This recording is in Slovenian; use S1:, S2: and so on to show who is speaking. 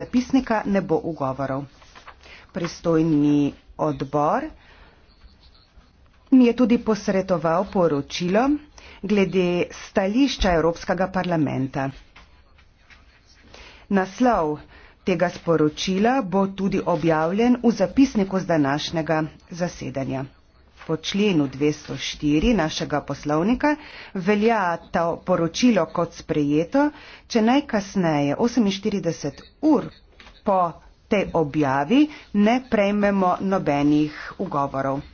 S1: zapisnika ne bo ugovorov. Pristojni odbor mi je tudi posredoval poročilo glede stališča Evropskega parlamenta. Naslov tega sporočila bo tudi objavljen v zapisniku z današnjega zasedanja po členu 204 našega poslovnika velja to poročilo kot sprejeto, če najkasneje 48 ur po tej objavi ne prejmemo nobenih ugovorov.